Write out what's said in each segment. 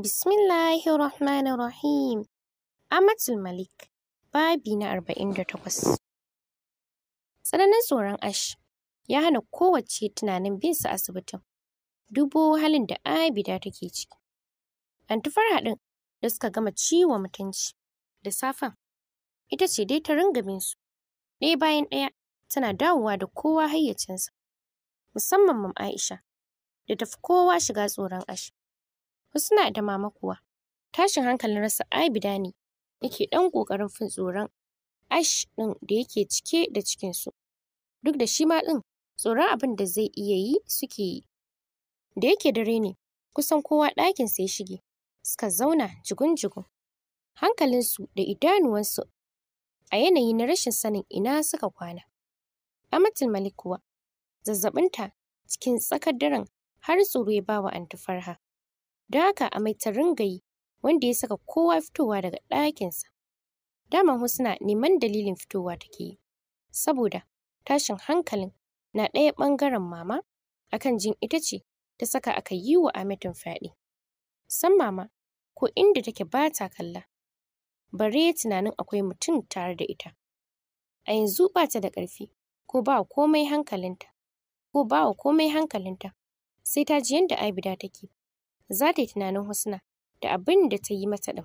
Bismillahirrahmanirrahim. Amatul Malik, babi na arba'in da takwas. Tsananin tsoron Ash ya hana kowace tunanin bin sa asibitin. dubu halin da Abida take ciki. Antufar haɗin da suka gama ciwo mutunci da safen. Ita ce dai ta ringa bin su. Ɗaya bayan ɗaya tana dawowa da kowa hayyacinsa. Musamman mam Aisha da tafi kowa shiga tsoron Ash. Wasu na da mama kuwa tashin hankalin rasa Abida ne yake ɗan ƙoƙarin fin tsoron ash ɗin da yake cike da cikinsu. Duk da shi ma ɗin tsoron abin da zai iya yi suke yi. Da yake dare ne kusan kowa ɗakinsa ya shige suka zauna jigun-jigun. Hankalinsu da idanuwansu a yanayi na rashin sanin ina suka kwana. Amatul Malik kuwa zazzaɓinta cikin tsakar daren har tsoro ya bawa antifarha Farha. Da haka amai ta ringayi wanda ya saka kowa fitowa daga ɗakinsa. Daman Husna neman dalilin fitowa take yi, saboda tashin hankalin na ɗaya ɓangaren mama akan jin ita ce ta saka aka yi wa Amidun fyaɗe. San mama ko inda take ba ta kalla, bare tunanin akwai mutum tare da ita. A yanzu ba ta da ƙarfi ko ba komai hankalinta, ko ba komai hankalinta, sai ta ji yadda Abida take. za ta yi tunanin Husna da abin da ta yi mata ɗin.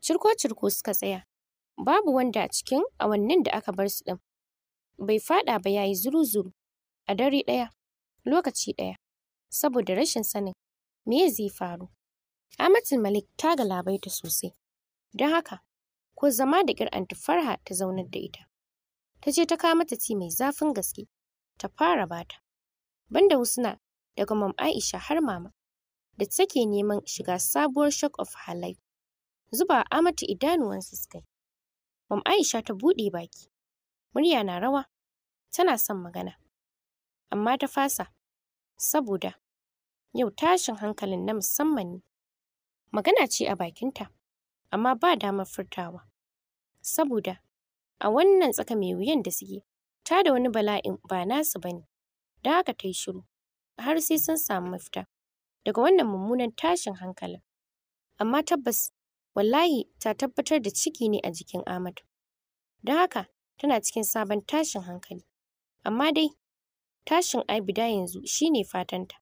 Cirko-cirko suka tsaya, babu wanda a cikin awannin da aka bar su ɗin. Bai faɗa ba ya yi zuru-zuru a dare ɗaya, lokaci ɗaya, saboda rashin sanin me zai faru. Amatin Malik ta galabaita sosai, don haka ko zama da ƙyar Farha ta zaunar da ita. Ta je ta kama ta ci mai zafin gaske, ta fara bata. Banda Husna daga Mam Aisha har mama, da take neman shiga sabuwar shock of her life. Zuba Amatu idanuwan suskai. Mam Aisha ta buɗe baki. Murya na rawa. Tana son magana. Amma ta fasa. Saboda yau tashin hankalin na musamman ne. Magana ce a bakinta, amma ba damar furtawa. Saboda a wannan tsaka mai wuyan da suke, ta da wani bala'in ba nasu ba ne. Da haka ta yi shiru, har sai sun samu mafita. daga wannan mummunan tashin hankalin. Amma tabbas wallahi ta tabbatar da ciki ne a jikin Amadu. Da haka tana cikin sabon tashin hankali. Amma dai tashin Abida yanzu shine fatanta.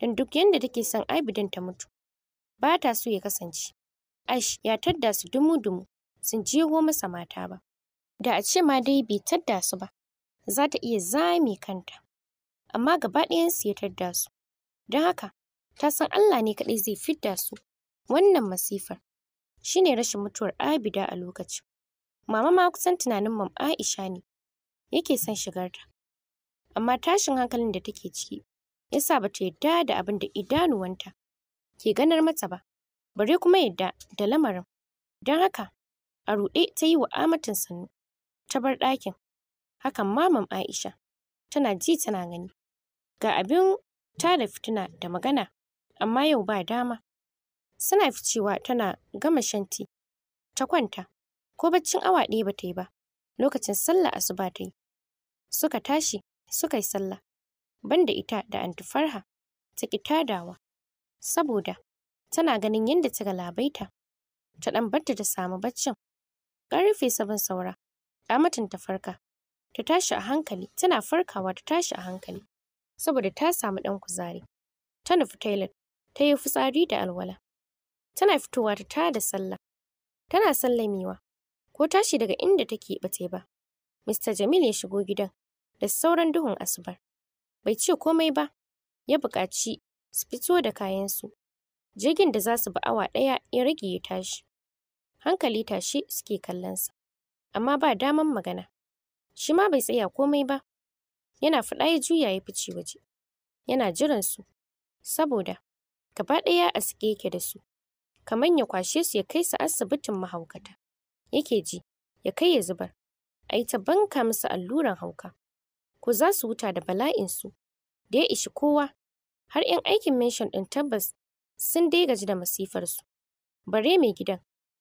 Don duk yadda take son Abidan ta mutu ba ta so ya kasance. Ash ya tadda su dumu-dumu sun jeho masa mata ba. Da a ce ma dai bai tadda su ba, za ta iya zame kanta. Amma gaba ɗayan su ya tadda su. Don haka ta san Allah ne kaɗai zai fidda su wannan masifar shi ne rashin mutuwar Abida a lokaci. mama ma kusan tunanin mam Aisha ne yake son shigarta amma tashin hankalin da take ciki ya yasa bata yadda da abin da idanuwanta ke ganar mata ba bare kuma yadda da lamarin don haka a ruɗe ta yi wa amatin sannu ta bar ɗakin hakan mamam Aisha tana ji tana gani ga abin ta da fitina da magana amma yau ba dama. Suna ficewa tana gama shanti. ta kwanta, ko baccin awa ɗaya ba ta yi ba, lokacin sallah asuba ta yi. Suka tashi, suka yi sallah, banda ita da anti Farha, ta ƙi tadawa, saboda tana ganin yadda ta galabaita, ta ɗan barta ta samu baccin. Ƙarfe sabon saura, ƙamatin ta farka, ta tashi a hankali, tana farkawa ta tashi a hankali, saboda ta samu ɗan kuzari. Ta nufi toilet, ta yi fitsari da alwala. Tana fitowa ta tada sallah. Tana sallamewa, ko tashi daga inda take bate ba. Mr. Jamil ya shigo gidan da sauran duhun asubar. Bai ce komai ba, ya buƙaci su fito da kayansu. Jirgin da za su bi awa ɗaya ya rage ya tashi. Hankali tashi suke kallonsa, amma ba daman magana. Shi ma bai tsaya komai ba, yana faɗa ya juya ya fice waje. Yana jiran su, saboda gaba ɗaya a sike yake da su kamar ya kwashe su ya kai su asibitin mahaukata yake ji ya kai ya zubar a yi ta banka musu alluran hauka ko za su wuta da bala'insu da ya ishi kowa har 'yan aikin menshon ɗin tabbas sun dai gaji da masifarsu bare mai gidan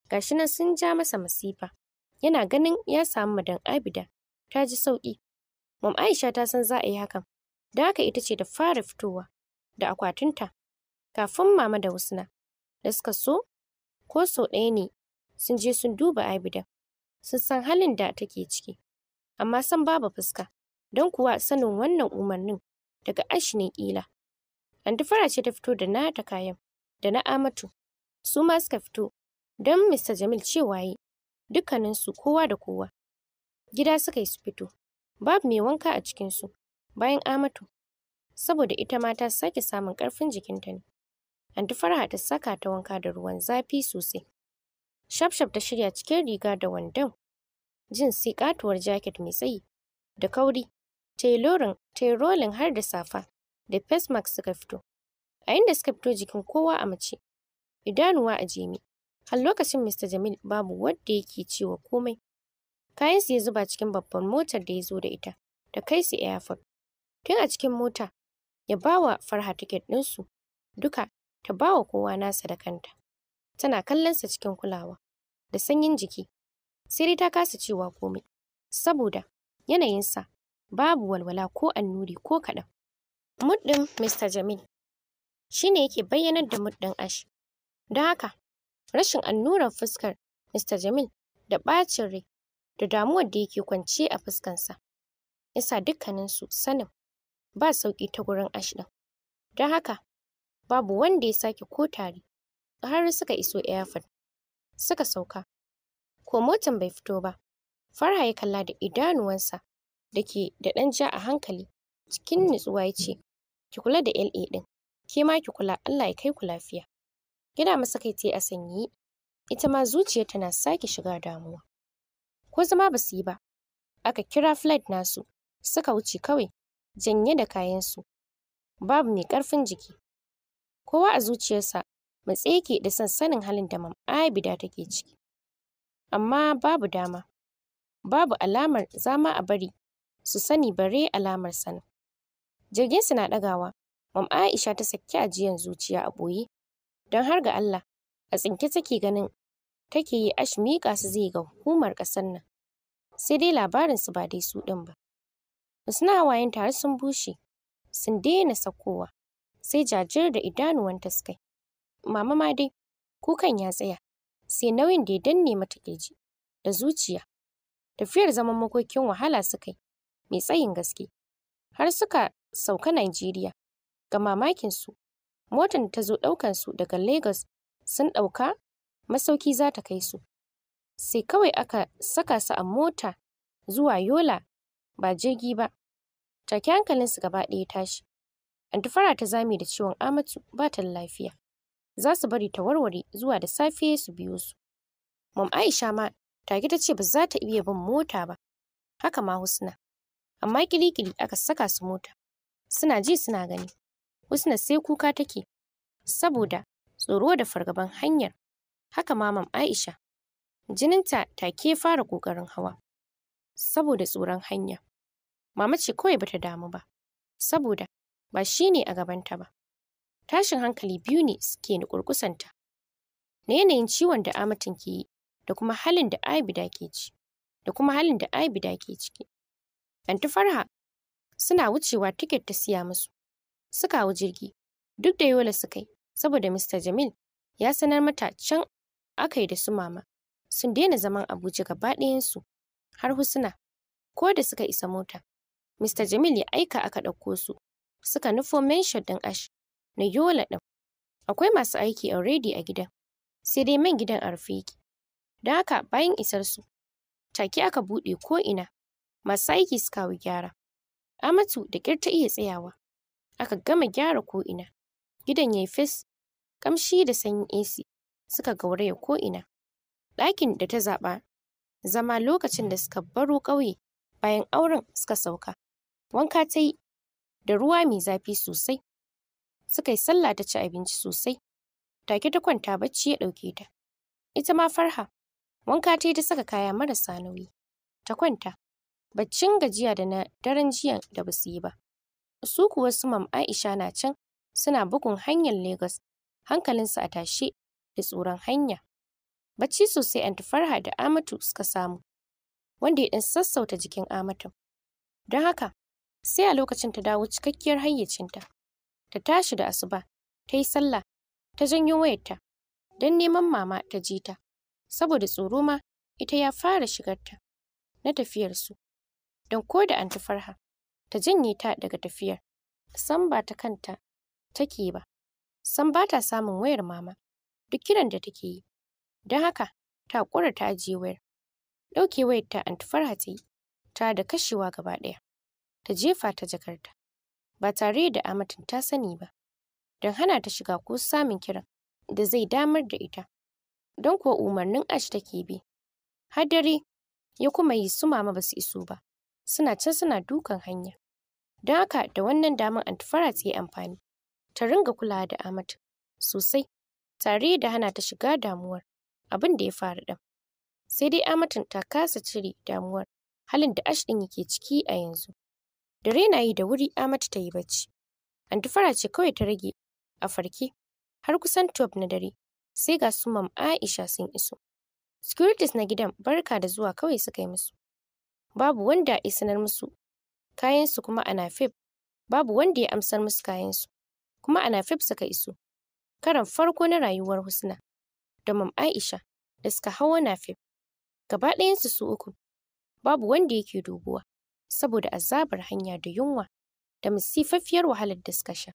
gashi nan sun ja masa masifa yana ganin ya samu madan abida ta ji sauƙi mam aisha ta san za a yi hakan da haka ita ce da fara fitowa da akwatinta kafin mama da Husna da suka so ko sau ɗaya ne sun je sun duba Abida sun san halin da take ciki amma san babu fuska don kuwa sanin wannan umarnin daga ashi ne ƙila. anti ce ta fito da na nata kayan da na amatu su ma suka fito don Mr. Jamil cewa yi dukkaninsu kowa da kowa gida suka yi su fito babu mai wanka a cikinsu bayan amatu saboda ita ma ta sake samun ƙarfin jikinta ne Anti Farha ta saka ta wanka da ruwan zafi sosai. Shafshaf ta shirya cikin riga da wandon. Jin sai katuwar jaket mai tsayi da kauri. Tailorin, har da safa da face mask suka fito. A inda suka fito jikin kowa a mace. Idanuwa a jemi. Har lokacin Mr. Jamil babu wadda yake cewa komai. Kayan su ya zuba cikin babban motar da ya zo da ita, Da kai su airport. Tun a cikin mota, ya bawa Farha tiket ɗinsu duka ta bawa kowa nasa da kanta. Tana kallonsa cikin kulawa da sanyin jiki. Sai dai ta kasa cewa komai saboda yanayinsa babu walwala ko annuri ko kaɗan. Muddin Mr. Jamil shi ne yake bayyanar da muddin Ash. Don haka, rashin annuran fuskar Mr. Jamil da ɓacin rai da damuwar da yake kwance a fuskansa yasa dukkaninsu sanin ba sauƙi ta gurin Ash ɗin. Don haka, babu wanda ya sake ko tare, har suka iso airfield suka sauka ko motan bai fito ba farha ya kalla da idanuwansa da ke da ɗan ja a hankali cikin nutsuwa ya ce ki kula da la ɗin ke ma ki kula allah ya kai ku lafiya gida masa kai ta a sanyi ita ma zuciya tana sake shiga damuwa ko zama ba su yi ba aka kira flight nasu suka wuce kawai janye da kayansu babu mai ƙarfin jiki kowa a zuciyarsa matse ke da son sanin halin da mam Abida take ciki amma babu dama babu alamar zama a bari su sani bare alamar sanin jirginsu na ɗagawa mam Aisha ta saki ajiyar zuciya a ɓoye don har ga Allah a tsinke take ganin take yi ash miƙa su zai ga hukumar ƙasar nan sai dai labarinsu ba dai su ɗin ba. Husna hawayen tare sun bushe, sun daina sakowa. sai jajir da idanuwanta suka yi. Mama ma dai, kukan ya tsaya, sai nauyin da ya danne mata keji da zuciya. Tafiyar zaman makokin wahala suka yi, mai tsayin gaske, har suka sauka Najeriya. Ga mamakin mamakinsu, motar ta zo ɗaukan su daga Lagos sun ɗauka masauki za ta kai su. Sai kawai aka saka su a mota zuwa Yola ba jirgi ba. Take hankalinsu gaba ɗaya tashi. Anti fara ta zame da ciwon Amatu ba ta lafiya. Za su bari ta warware zuwa da safe su biyo su. Mam Aisha ma take ta ce ba za ta iya bin mota ba. Haka ma Husna. Amma kirikiri aka saka su mota. Suna ji suna gani. Husna sai kuka take saboda tsoro da fargaban hanyar. Haka ma Mam Aisha. Jininta take fara ƙoƙarin hawa saboda tsoron hanya. Mama ce kawai bata damu ba saboda ba shi ne a gabanta ba. Tashin hankali biyu ne suke ni kurkusanta. Na yanayin ciwon da amatin ke yi da kuma halin da Abida ke ci, da kuma halin da Abida ke ciki. Anti Farha suna wucewa tiket ta siya musu. Suka hau jirgi, duk da yola suka yi, saboda Mr. Jamil ya sanar mata can aka yi da su mama. Sun daina zaman Abuja gaba ɗayansu har husuna. ko da suka isa mota. Mr. Jamil ya aika aka ɗauko su suka nufo menshon ɗin ash na yola ɗin. Akwai masu aiki redi a gidan, sai dai man gidan a rufe yake. Don haka bayan isar su, take aka buɗe ko ina. masu aiki suka kawo gyara. Amatu da ƙir ta iya tsayawa. Aka gama gyara ko ina. gidan ya yi fes, ƙamshi da sanyin AC suka gauraya ko ina. Ɗakin da ta zaɓa zama lokacin da suka baro ƙauye bayan auren suka sauka. Wanka ta yi da ruwa mai zafi sosai. Suka yi sallah ta ci abinci sosai. Take ta kwanta bacci ya ɗauke ta. Ita ma Farha, wanka ta yi ta saka kaya marasa nauyi. Ta kwanta, baccin gajiya da na daren jiya da ba su yi ba. Su kuwa su mam Aisha na can suna bugun hanyar Lagos, hankalinsu a tashe da tsoron hanya. Bacci sosai ta Farha da Amatu suka samu, wanda ya ɗan sassauta jikin Amatu. Don haka, sai a lokacin ta dawo cikakkiyar hayyacinta. Ta tashi da asuba, ta yi sallah, ta janyo wayarta, don neman mama ta ji ta, saboda tsoro ma ita ya fara shigarta na tafiyar su. Don ko da anti farha, ta janye ta daga tafiyar, san ba ta kanta take ba, san ba ta samun wayar mama, duk kiran da take yi. Don haka, ta ƙura ta ajiye wayar. Ɗauke wayar ta anti farha ta yi, ta da kashewa gaba ɗaya. ta jefa ta jakarta ba tare da amatin ta sani ba don hana ta shiga ko samun kiran da zai damar da ita don kuwa umarnin ash take bi hadari ya kuma yi su mama ba su iso ba suna can suna dukan hanya don haka da wannan damar antifara ta yi amfani ta ringa kulawa da amatin sosai tare da hana ta shiga damuwar abin da ya faru ɗan sai dai amatin ta kasa cire damuwar halin da ash ɗin yake ciki a yanzu Dare na yi da wuri Amatu ta yi bacci. Antufara ce kawai ta rage a farke har kusan 12 na dare sai ga su mam Aisha sun iso. Securities na gidan barka da zuwa kawai suka yi musu. Babu wanda ya sanar musu kayansu kuma ana fib. Babu wanda ya amsar musu kayansu kuma ana fib suka iso. Karan farko na rayuwar Husna da mam Aisha da suka hawa na fib. Gaba ɗayansu su uku babu wanda yake dubuwa. saboda azabar hanya da yunwa da masifaffiyar wahalar da suka sha.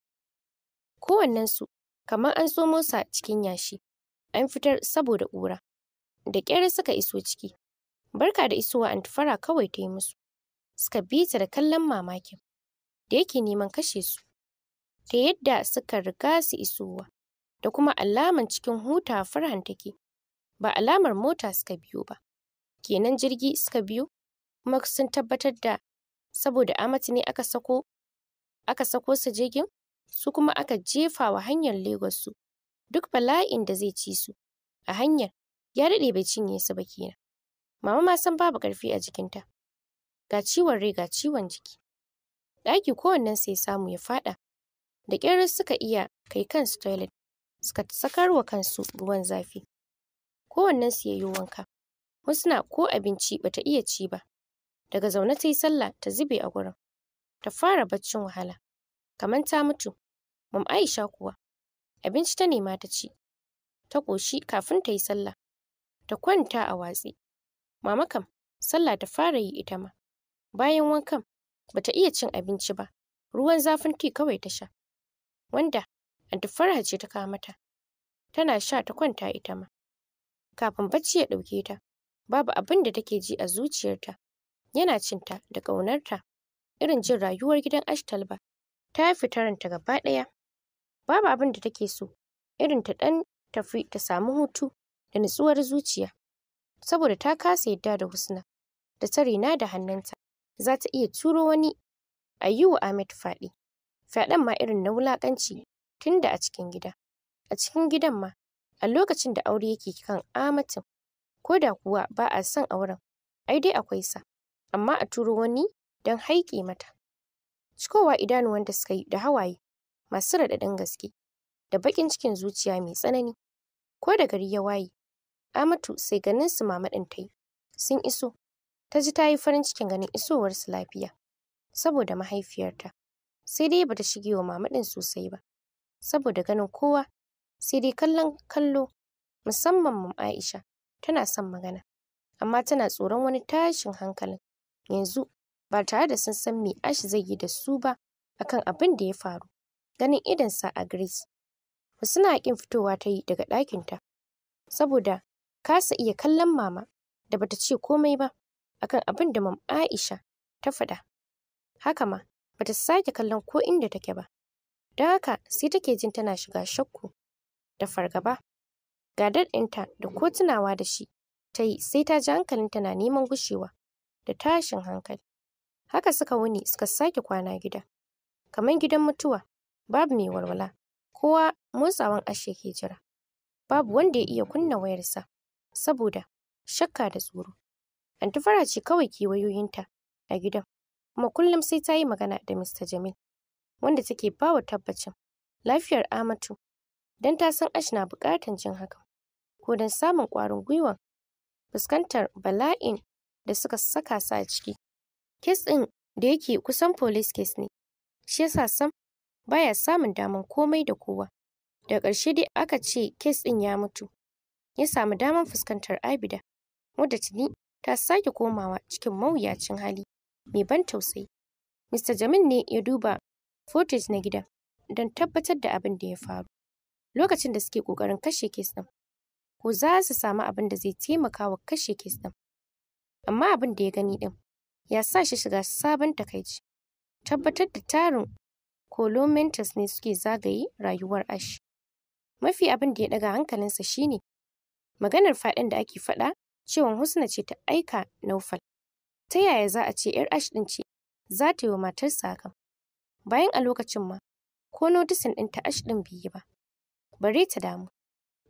Kowannensu kamar an so sa cikin yashi, an fitar saboda ƙura. Da ƙyar suka iso ciki, barka da isowa tufara kawai ta yi musu. Suka bi ta da kallon mamakin da yake neman kashe su, ta yadda suka riga su isowa, da kuma alaman cikin huta farhan take, ba alamar mota suka biyo ba. Kenan jirgi suka biyo? kuma sun tabbatar da saboda Amatu ne aka sako aka sako su jirgin su kuma aka jefa wa hanyar Lagos su duk bala'in da zai ci su a hanyar ya daɗe bai cinye su ba kenan mama ma san babu ƙarfi a jikinta ga ciwon rai ga ciwon jiki ɗaki kowannen sai samu ya faɗa da ƙyar suka iya kai kansu toilet suka sakar wa kansu ruwan zafi kowannen su yayi wanka wasu na ko abinci bata iya ci ba daga zaune ta yi sallah ta zube a gurin ta fara baccin wahala kamar ta mutu mam aisha kuwa abinci ta nema ta ci ta ƙoshi kafin ta yi sallah ta kwanta a watsi mama kam sallah ta fara yi ita ma bayan wankan ba ta iya cin abinci ba ruwan zafin ti kawai ta sha wanda anti farha ce ta kawo mata tana sha ta kwanta ita ma kafin bacci ya ɗauke ta babu abin da take ji a zuciyarta yana cinta da ƙaunarta irin jin rayuwar gidan Ashtalba ta fita ranta gaba ɗaya babu abin da take so irin ta ɗan tafi ta samu hutu da nutsuwar zuciya saboda ta kasa yadda da Husna da ta rena da hannunta za ta iya turo wani a yi wa Ahmed faɗi fyaɗen ma irin na wulaƙanci tunda a cikin gida a cikin gidan ma a lokacin da aure yake kan amatin ko da kuwa ba a son auren ai dai akwai sa amma a turo wani don haike mata. Cikowa wanda suka yi da hawaye masu raɗaɗin gaske da baƙin cikin zuciya mai tsanani. Ko da gari ya waye, Amatu sai ganin su mama ɗin ta yi. Sun iso, ta ji ta yi farin cikin ganin isowarsu lafiya saboda mahaifiyarta. Sai dai bata shige wa mama ɗin sosai ba, saboda ganin kowa sai dai kallon kallo musamman mam Aisha tana son magana amma tana tsoron wani tashin hankalin yanzu ba tare da sun san me Ash zai yi da su ba akan abin da ya faru. Ganin sa a Grace. suna ƙin fitowa ta yi daga ɗakinta saboda kasa iya kallon mama da bata ce komai ba akan abin da mam Aisha ta faɗa. Haka ma bata sake kallon ko inda take ba. Don haka sai take jin tana shiga shakku da fargaba. Gadar ɗinta da ko tunawa da shi ta yi sai ta ji hankalinta na neman gushewa. da tashin hankali. Haka suka wuni suka sake kwana gida. Kamar gidan mutuwa, babu mai walwala, kowa motsawan ashe ke jira. Babu wanda ya iya kunna wayarsa, saboda shakka da tsoro. Anti ce kawai kewayoyinta. a gidan, kuma kullum sai ta yi magana da Mista Jamil, wanda take bawa tabbacin lafiyar Amatu, don ta san Ash na buƙatar jin hakan, ko don samun ƙwarin gwiwa fuskantar bala'in da suka saka su a ciki. Kes ɗin da yake kusan police kes ne, shi yasa sam baya samun daman komai da kowa. Da ƙarshe dai aka ce kes ɗin ya mutu. Ya samu daman fuskantar Abida, wadda tuni ta sake komawa cikin mawuyacin hali mai ban tausayi. Mr. Jamil ne ya duba footage na gida. don tabbatar da abin da ya faru. Lokacin da suke ƙoƙarin kashe kes ɗin, ko za su samu abin da zai taimaka wa kashe kes ɗin. amma abin da ya gani din. ya sa shi shiga sabon takaici. Tabbatar da tarin colomentus ne suke zagaye rayuwar Ash. Mafi abin da ya daga hankalinsa shine maganar faɗin da ake faɗa cewa Husna ce ta aika Naufal. Ta yaya za a ce ‘yar Ash din ce za ta yi wa matarsa hakan? Bayan a lokacin ma, ko notisin ɗin ta Ash din bai ba. Bare ta damu,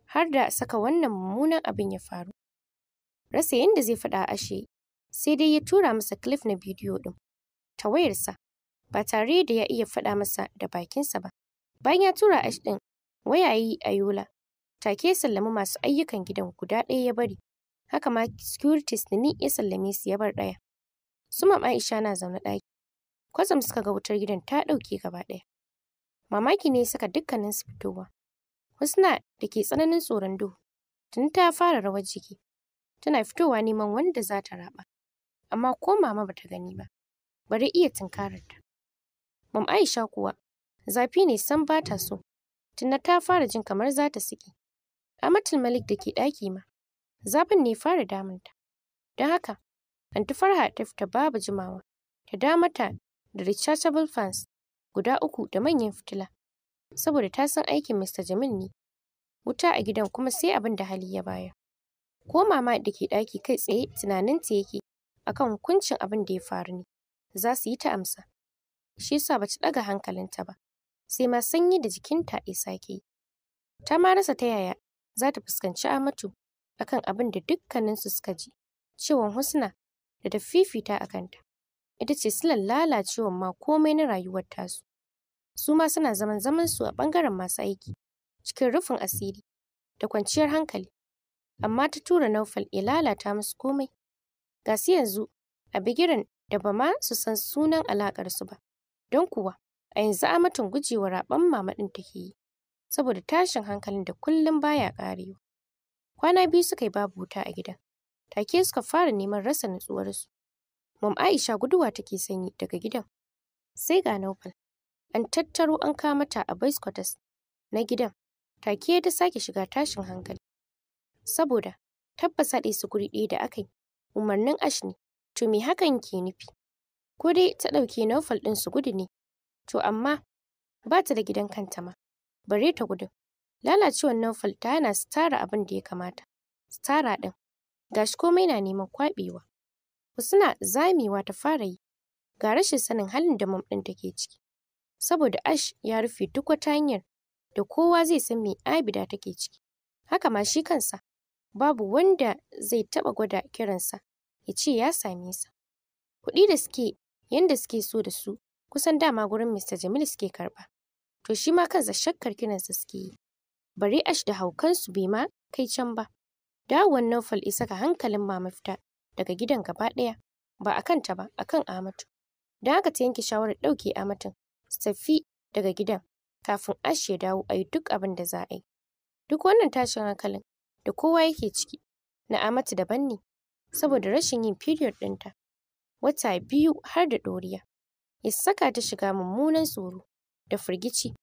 har da saka wannan mummunan abin ya faru. Rasa yadda zai faɗa ashe, sai dai ya tura masa clip na bidiyo ɗin ta wayarsa, ba tare da ya iya faɗa masa da bakinsa ba. Bayan ya tura ash ɗin, yi a Yola, take ya sallami masu ayyukan gidan guda ɗaya ya bari, haka ma securities da ni ya sallame su ya bar ɗaya. Su Aisha na zaune ɗaki, kwatsam suka ga wutar gidan ta ɗauke gaba ɗaya. Mamaki ne saka su fitowa. Husna da ke tsananin tsoron duhu, tun ta fara rawar jiki. tana fitowa neman wanda za ta raba. Amma ko mama ba ta gani ba, bari iya tunkararta. Mam Aisha kuwa, zafi ne san ba ta so, tunda ta fara jin kamar za ta siki. Amatul Malik da ke ɗaki ma, zafin ne fara ta. Don haka, Anti Farha ta fita babu jimawa, ta damata da rechargeable fans guda uku da manyan fitila, saboda ta san aikin Mr. Jamil ne. Wuta a gidan kuma sai abin da hali ya bayar. ko mama da ke ɗaki kai tsaye tunaninta yake akan hukuncin abin da ya faru ne za su yi ta amsa shi yasa ta ɗaga hankalinta ba sai ma sanyi da jikinta ya sake yi ta ma rasa ta yaya za ta fuskanci Amatu akan abin da dukkaninsu suka ji cewan Husna da ta fifita a kanta ita ce silar lalacewan ma komai na rayuwar tasu su ma suna zaman zaman su a ɓangaren masu aiki cikin rufin asiri da kwanciyar hankali amma ta tura Naufal ya lalata musu komai. Ga su yanzu a bigiran da ba ma su san sunan alaƙarsu ba, don kuwa a yanzu Amatun gujewa raɓan mama ta ke yi, saboda tashin hankalin da kullum baya ƙarewa. Kwana biyu suka yi babu wuta a gidan, take suka fara neman rasa nutsuwarsu. Mam Aisha guduwa take sanyi daga gidan. Sai ga Naufal, an tattaro an kama ta a baiskotas na gidan, take ta sake shiga tashin hankali. saboda tabbas haɗe su guri ɗaya da aka yi umarnin ash ne to me hakan ke nufi ko dai ta ɗauki naufal ɗin su gudu ne to amma ba ta da gidan kanta ma bare ta gudun lalacewar naufal ta hana su tara abin da ya kamata su tara ɗin gashi komai na neman kwaɓewa suna zamewa ta fara yi ga rashin sanin halin da mam ɗin take ciki saboda ash ya rufe duk wata hanyar da kowa zai san me abida take ciki haka ma shi kansa babu wanda zai taɓa gwada kiransa ya ce ya same sa. Kuɗi da suke yanda suke so da su kusan dama gurin Mista Jamil suke karɓa. To shi ma kansa shakkar kiransa suke yi. Bari ash da haukansu bai ma kai can ba. Dawon Naufal isa ga hankalin mama fita daga gidan gaba ɗaya ba a kanta ba a kan Amatu. Da haka ta yanke shawarar ɗauke Amatun su tafi daga gidan kafin ash ya dawo ayi duk abin da za a yi. Duk wannan tashin hankalin da kowa yake ciki. Na'amatu daban ne, saboda rashin yin period ɗinta. Wata biyu har da ɗoriya. Ya saka ta shiga mummunan tsoro da firgici.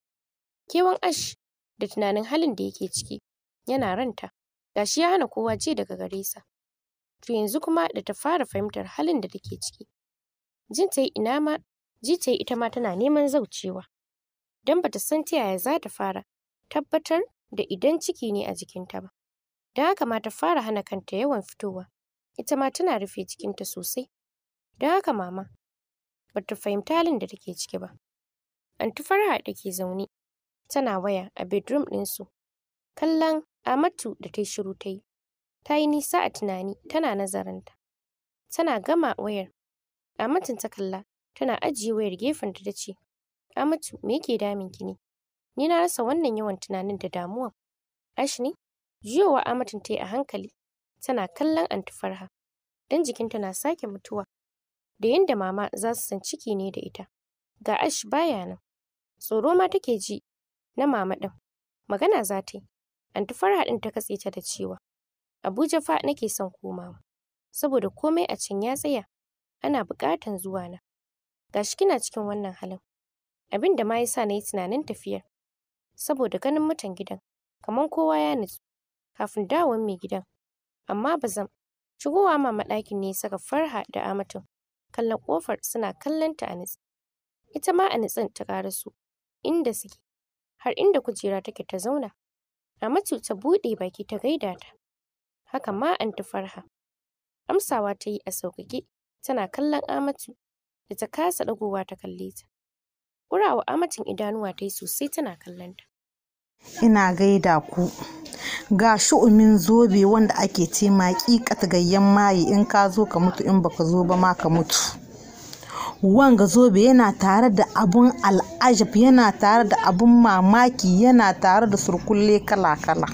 Kewan ash da tunanin halin da yake ciki yana ranta. Gashi ya hana kowa ji daga gare sa. To yanzu kuma da ta fara fahimtar halin da take ciki. Jin ta yi ina ma, ji ta yi ita ma tana neman zaucewa. Don bata san ta yaya za ta fara tabbatar da idan ciki ne a jikinta ba. Don haka ma ta fara hana kanta yawan fitowa. Ita ma tana rufe cikinta sosai. Da haka mama ba ta fahimta halin da take ciki ba. Anti Farha da ke zaune tana waya a bedroom ɗinsu. Kallon Amatu da ta yi shiru ta yi. Ta yi nisa a tunani tana nazarinta. Tana gama wayar. Amatun ta kalla tana ajiye wayar gefen ta ce, Amatu me yake damin ki ne? Ni na rasa wannan yawan tunanin da damuwan. Ash ne? Juyowa Amatin ta yi a hankali, tana kallon Anti Farha, don jikinta na sake mutuwa da yadda mama za su san ciki ne da ita. Ga Ash baya nan, tsoro ma take ji na mama ɗin. Magana za ta yi, Anti Farha ɗin ta katse ta da cewa, Abuja fa nake son komawa, saboda komai a can ya tsaya, ana bukatan zuwa na. ga shi kina cikin wannan halin, abin da ma ya sa na yi tunanin tafiyar, saboda ganin mutan gidan, kamar kowa ya nutsu. kafin dawon mai gidan. Amma zan. shigowa mama ɗakin ne saka farha da amatu kallon ƙofar suna kallon ta a nitsi. Ita ma a nitsin ta su, inda suke, har inda kujera take ta zauna. Amatu ta buɗe baki ta gaida ta. Haka ma an ta farha. Amsawa ta yi a sauƙaƙe tana kallon Amatu da ta kasa ɗagowa ta kalle ta. Ƙurawa Amatin idanuwa ta yi sosai tana kallon ta. Ina gaida ku. ga shu'umin zobe wanda ake ce ma ƙiƙat gayyan mayi in ka zo ka mutu in baka zo ba ma ka mutu wanga zobe yana tare da abun al'ajab yana tare da abun mamaki yana tare da surkulle kala-kala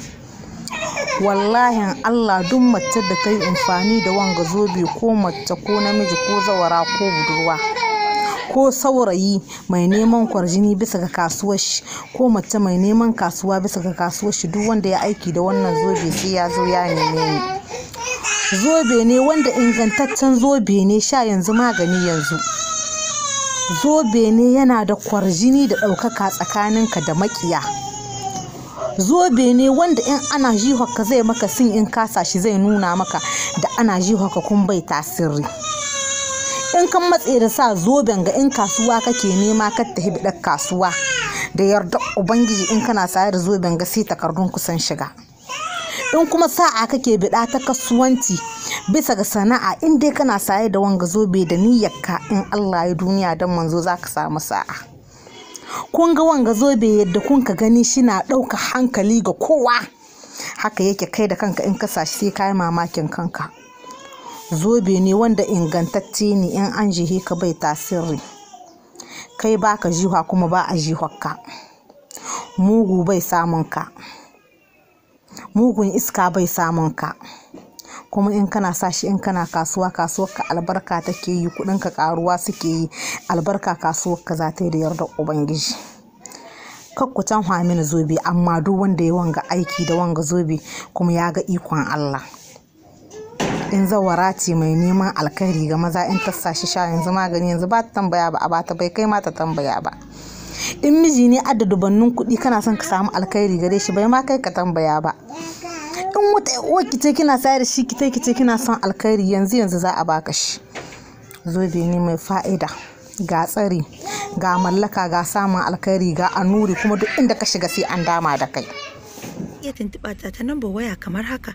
Wallahi allah duk mace da ta yi amfani da wanga zobe ko mace ko namiji ko zawara ko budurwa ko saurayi mai neman kwarjini bisa ga kasuwar shi ko mace mai neman kasuwa bisa ga kasuwar shi duk wanda ya aiki da wannan zobe sai ya zo ya neme ni zobe ne wanda ingantaccen zobe ne sha yanzu magani yanzu zobe ne yana da kwarjini da ɗaukaka tsakaninka da makiya zobe ne wanda in ana ka zai maka sin in kasa shi zai nuna maka da ana ka kun bai tasiri in kan matse da sa zoben ga in kasuwa kake nema ka tafi bidar kasuwa da yarda ubangiji in kana saye da zoben ga sai takardun kusan shiga in kuma sa'a kake bida ta kasuwanci bisa ga sana'a in dai kana saye da wanga zobe da niyyarka in Allah ya duniya dan manzo zaka samu sa'a kun ga wanga zobe yadda kun ka gani na ɗauka hankali ga kowa haka yake kai da kanka in ka sashi sai kayi mamakin kanka zobe ne wanda ingantacce ne in an jihe ka bai tasiri kai baka jiha kuma ba a jihwarka mugu bai samun ka mugun iska bai samun ka kuma in kana sa shi in kana kasuwa kasuwar ka albarka take yi kudin ka karuwa suke yi albarka kasuwar ka za ta yi da yarda ubangiji kakkutan mini zobe amma duk wanda ya wanga aiki da wanga zobe kuma ya ga ikon Allah in zawara ce mai neman alkhairi ga maza in ta sashi sha yanzu magani yanzu ba ta tambaya ba a ba bai kai ma ta tambaya ba in miji ne adda dubannin kuɗi kana son ka samu alkhairi gare shi bai ma kai ka tambaya ba in wata uwa kice kina sayar da shi kice kice kina son alkhairi yanzu yanzu za a baka shi zobe ne mai fa'ida ga tsari ga mallaka ga samun alkhairi ga anuri kuma duk inda ka shiga sai an dama da kai iya tuntuɓa ta ta waya kamar haka